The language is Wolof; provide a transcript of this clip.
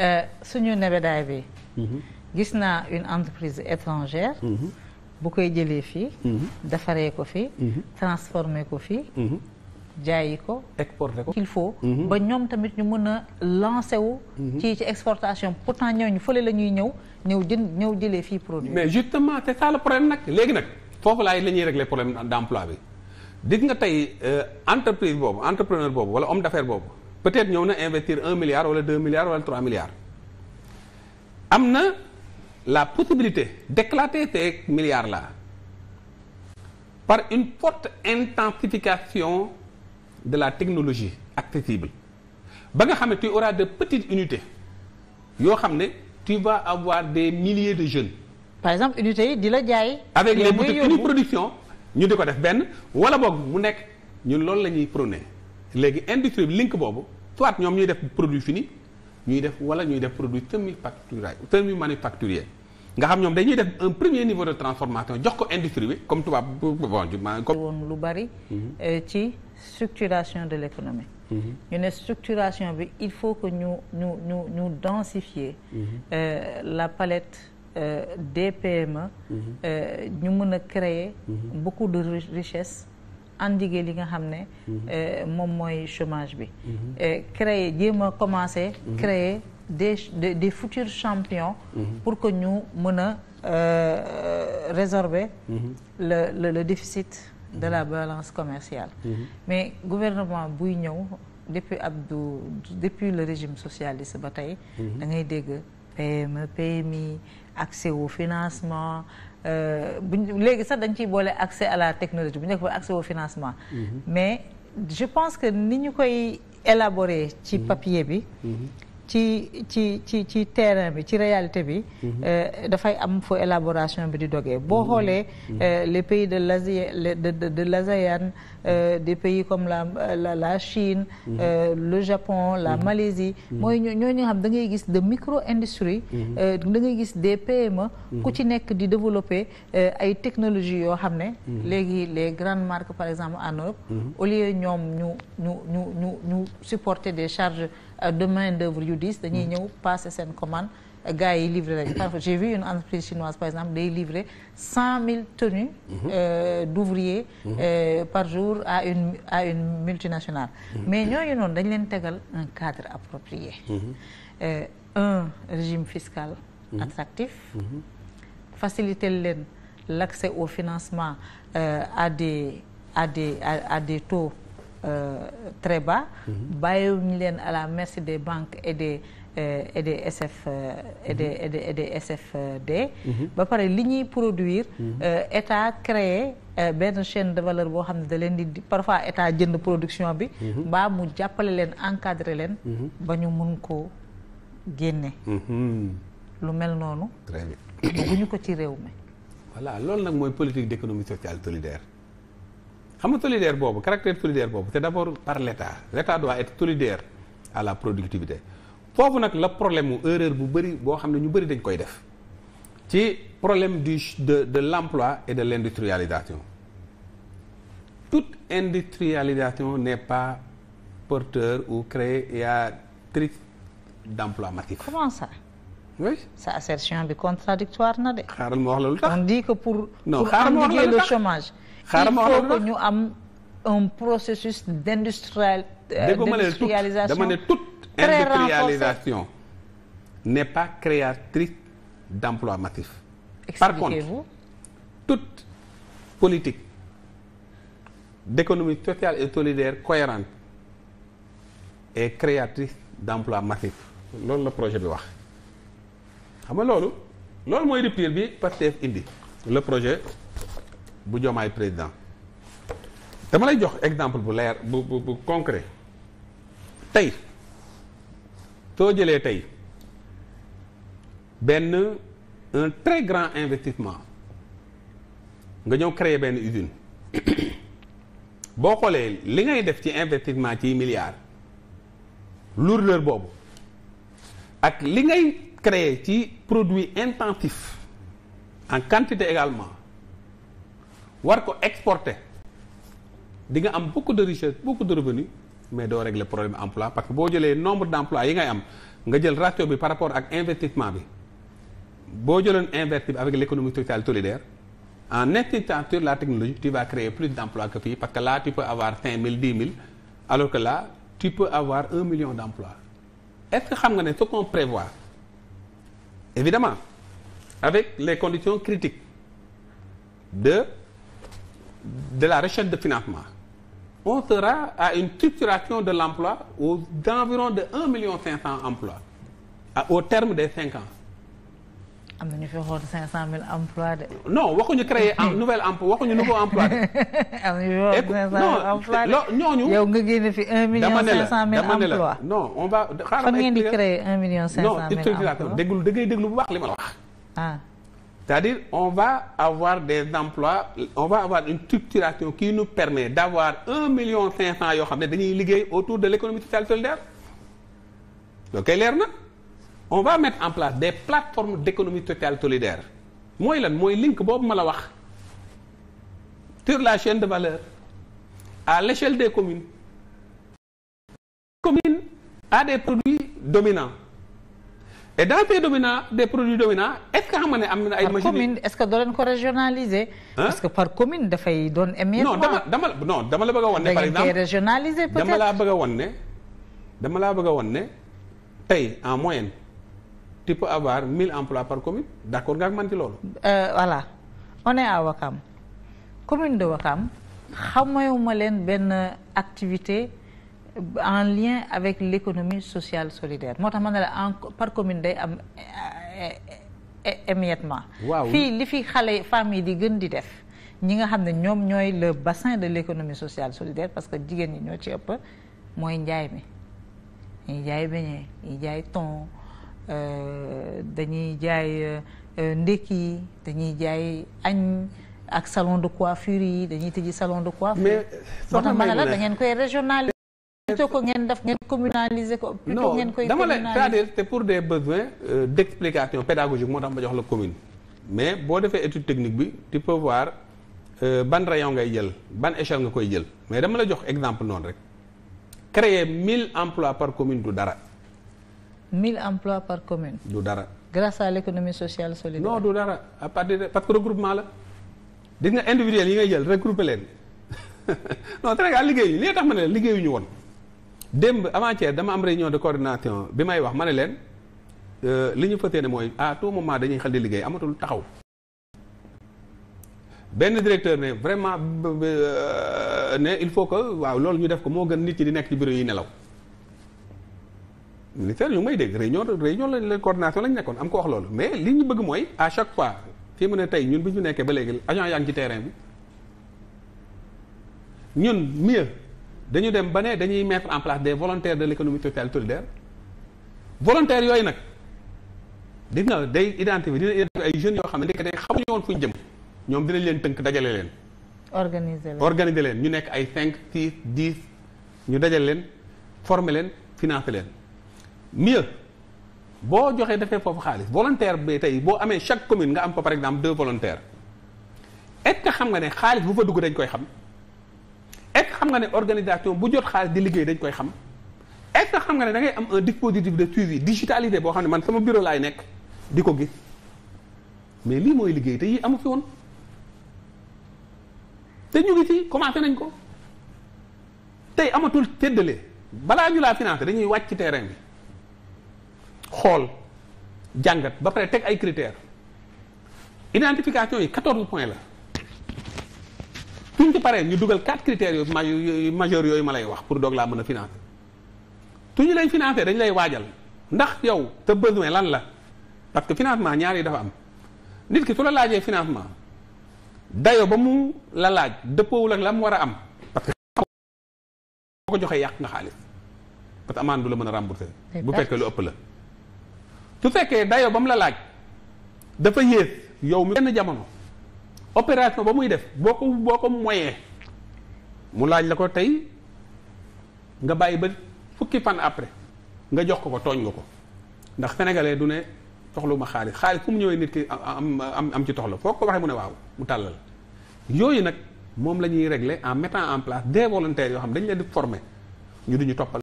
Euh, suñu nebedaay bi. Mhm. gis naa une entreprise étrangère. Mhm. bu koy jëlee fii. Mhm. defaree ko fii. transformer ko fii. jaayi ko. exporter ko qu'il faut. ba ñoom tamit ñu mën a lancer wu. ci ci exportation pourtant ñu fële la ñuy ñëw ñëw jënd ñëw jëlee fii produit. mais justement c'est ça le problème nag léegi nag foofu laay la ñuy régler problème d'emploi bi dig nga tey euh, entreprise boobu entrepreneur boobu wala homme d'affaires boobu. peut-être ñëw na investir un milliard wala deux milliards wala trois milliards am na la possibilité d'éclater ces milliards là par une forte intensification de la technologie accessible ba nga xam ne tu auras de petites unité yoo xam ne tu vas avoir des milliers de jeunes. par exemple unités yi di la jaay. avec les boutiques uniproduction ñu di ko def benn wala boog bu nekk ñun loolu la ñuy prôné. léegi industrie bi link boobu soit ñoom ñuy def produit fini ñuy def wala ñuy def produit thermifacturage thermomanufacturier nga xam ñoom dañuy def un premier niveau de transformation jox ko industrie bi comme tubaab bon comme woon lu bari mhm. euh, ci structuration de l'économie mhm. ñu ne structuration bi il faut que ñu ñu ñu ñu densifier mhm. euh, la palette euh, des PME ñu mën a créer beaucoup de richesse endiguer li nga xam ne. Mhm. Euh, moom mooy chomage bi. Mhm. Euh, créer jéem a commencer. Mhm. créer des des, des futurs champions. pour que ñu mën a euh, résorber. le le le déficit de la balance commerciale. mais gouvernement buy ñëw. depuis Abdou depuis le régime socialiste ba tey da ngay dégg PMI e, accès au financement Euh, buñ léegi sax dañ ciy boole accès à la technologie bu ñu nekk accès au financement. Mhm. mais je pense que ni ñu koy élaborer ci mhm. papier bi. Mhm. ci ci ci ci terrain bi ci réalité bi mhm. euh, dafay am foo élaboration bi di dogee boo mhm. xoolee mhm. Euh, les pays de l'ASEAN de de l'ASEAN euh, des pays comme la la la Chine le Japon la Malaisie mooy ñoo ñu xam dangay gis de micro industrie da ngay gis des PME ku ci nekk di développer ay technologies yoo xam ne léegi les grandes marques par exemple en au lieu ñoom ñu ñu ñu ñu ñu supporter des charges de main d'œuvre yu diis dañuy mm. ñëw passer seen commande gars yi livré lañ parfois j'ai vu une entreprise chinoise par exemple day livrer cent mille tenues mm-hmm. euh, d'ouvriers mm-hmm. euh, par jour à une à une multinationale mm-hmm. mais ñooñu noonu dañ leen tegal un cadre approprié euh, un régime fiscal attractif faciliter leen l'accès au financement euh, à des à des à, taux Euh, très bas. Mhm. bàyyiwuñu leen à la merci des banques et des euh, et des SF euh, et des mhm. SFD. Mhm. ba pare li ñuy produire. état créé benn chaîne de valeur boo xam ne da leen di parfois état jënd production bi. mbaa mu jàppale leen encadrer leen. ba ñu mun ko génne. lu mel noonu. très bien. ko ci réew mi. voilà loolu nag mooy politique d'économie sociale solidaire. xam nga solidaire boobu caractère solidaire boobu c'est d'abord par l'État l'État doit être solidaire à la productivité foofu nag la problème mu erreur bu bëri boo xam ne ñu bëri dañ koy def ci problème du de de l'emploi et de l'industrialisation toute industrialisation n'est pas porteur ou créée et a triche d'emploi massif. comment ça. oui sa assertion bi contradictoire na de. xaaral ma wax la lu tax on wax la lu tax xaaral ma il faut que ñu am un processus d'industrial euh, d'industrialisation dama ne tout industrialisation ne pas créatrice d'emploi massif par contre tout politique d'économie sociale et solidaire cohérente et créatrice d'emploi massif loolu la projet bi wax xam nga loolu loolu mooy rupture bi Pastef indi le projet bu Diomaye président dama lay jox exemple bu leer bu bu bu concret tey soo jëlee tey benn un très grand investissement nga ñëw créer benn usine boo xoolee li ngay def ci investissement ci milliards lourdeur boobu ak li ngay créer ci produit intensif en quantité également war ko exporte di nga am beaucoup de richesse beaucoup de revenus mais doo regle problème emploi parce que boo jëlee nombre d' emploi yi ngay am nga jël ratio bi par rapport ak investissement bi boo jëlee investi bi avec l' économie sociale solidaire en insistant sur la technologie tu vas créer plus d' emploi que fii parce que là tu peux avoir cinq mille dix alors que là tu peux avoir un million d' est ce que xam nga ne ce qu'on prévoit évidemment avec les conditions critiques de la recherche de financement on sera à une structuration de l'emploi aux environs de un million cinq cent emplois au terme des cinq ans. am na ñu fi waxoon cinq cent mille emplois de. non waxuñu créer en nouvelle emploi waxuñu nouveau emploi de. ñu waxoon cinq cent mille emplois de. non ñooñu. yow nga génne fi un million cinq cent mille emplois dama ne la non on va. bu baax li ma la wax. Ah. C'est-à-dire, on va avoir des emplois, on va avoir une structuration qui nous permet d'avoir 1 million 500 yoo xam ne dañuy liggéey autour de l'économie sociale solidaire loolu koy leer na on va mettre en place des plateformes d'économie sociale solidaire mooy lan mooy link boobu ma la wax sur la chaine de valeur à l'échelle des communes commune a des produits dominants et dans pays dominants des produits dominants est-ce que am na ay. machines commune est-ce que doo leen ko régionaliser. parce que par commune dafay doon. émiettement non dama dama non dama la bëgg a wan ne. par exemple dama laa bëgg a wan ne. dama laa bëgg a en moyenne par commune d'accord nga ak man ci loolu. Euh, voilà on est à Wakam commune de Wakam xamayuma leen benn activité. en lien avec l'économie sociale solidaire moo tax ma ne la en par commune day am eh, eh, émiettement waaw fii li fi xale femmes yi di gën di def ñi nga xam ne ñoom ñooy le bassin de l'économie sociale solidaire parce que jigéen ñi ñoo ci ëpp mooy njaay mi ñuy jaay beñee ñuy jaay thon euh, dañuy jaay euh, euh, ndékki yi dañuy jaay añ ak salon de coiffure yi dañuy tëji salon de coiffure moo tax ma ne la da koy régional plutôt ko ngeen def ngeen communaliser ko. no ngeen koy dama la c'est-à-dire c'est pour des besoins euh, d'explication pédagogique moo tax ma jox la commune. mais boo defee étude technique bi tu peux euh, ban rayon ngay jël ban échelle nga koy jël mais dama la jox exemple noonu rek créer 1000 emplois par commune du dara. 1000 emplois par commune. du dara. grâce à l'économie sociale solidaire. non du dara à partir parce que regroupement la gis nga individuel yi ngay jël regrouper leen non très bien liggéeyuñu li tax ma liggéeyuñu woon. démb avant-hier dama am réunion de coordination bi may wax ma ne leen euh, li ñu fëtee ne mooy à tout moment dañuy xel di liggéey amatul taxaw benn directeur ne vraiment euh, ne il faut que waaw loolu ñu def ko moo gën nit ñi di nekk ci bureau yi nelaw ministère ñu ngi may dégg réunion réunion la coordination lañ nekkoon am ko wax loolu mais li ñu bëgg mooy à chaque fois fii mu ne tey ñun bi ñu nekkee ba léegi agent yaa ngi ci terrain bi ñun mieux dañu dem ba ne dañuy mettre en place des volontaires de l'économie sociale solidaire volontaires yooyu nag di nga day identifier dina identifier ay jeunes yoo xam ne ndekete xamuñu woon fuñ jëm ñoom dinañ leen tënk dajale leen. organiser leen leen ñu nekk ay 5 6 10 ñu dajale leen former leen finance leen mieux. boo joxee defee foofu xaalis volontaire bi tey boo amee chaque commune nga am ko par exemple deux volontaires est-ce xam nga ne xaalis bu fa dugg dañ koy xam xam nga ne organisation bu jot xaalis di liggéey dañ koy xam est-ce xam nga ne da ngay am un dispositif de suivi digitalisé boo xam ne man sama bureau laay nekk di ko gis mais lii mooy liggéey te yii amu fi woon te ñu ngi ci commencé nañ ko tey amatul tëddale balaa ñu laa financé dañuy wàcc ci terrain bi xool jàngat ba pare teg ay critères identification yi 14 points la suñ ci paree ñu dugal quatre critères yu yu majeur yooyu ma lay wax pour doog laa mën a financer suñu lay financer dañu lay waajal ndax yow te besoin lan la parce que financement ñaar yi dafa am nit ki su la laajee financement dayo ba mu la laaj dëppoowul ak la mu war a am parce que boo ko joxee yàq nga xaalis parce amaan du la mën a rembourser bu fekkee lu ëpp la su fekkee dayo ba mu la laaj dafa yées yow mi benn jamono opération ba muy def boo ko boo ko moyee mu laaj la ko tey nga bàyyi ba fukki fan après nga jox ko ko tooñ nga ko ndax sénégalais du ne toxlu ma xaalis xaalis ku mu ñëwee nit ki am am am ci toxla foo ko waxee mu ne waaw mu tàllal yooyu nag moom la ñuy régler en mettant en place des volontaires yoo xam dañ leen di former ñu duñu toppal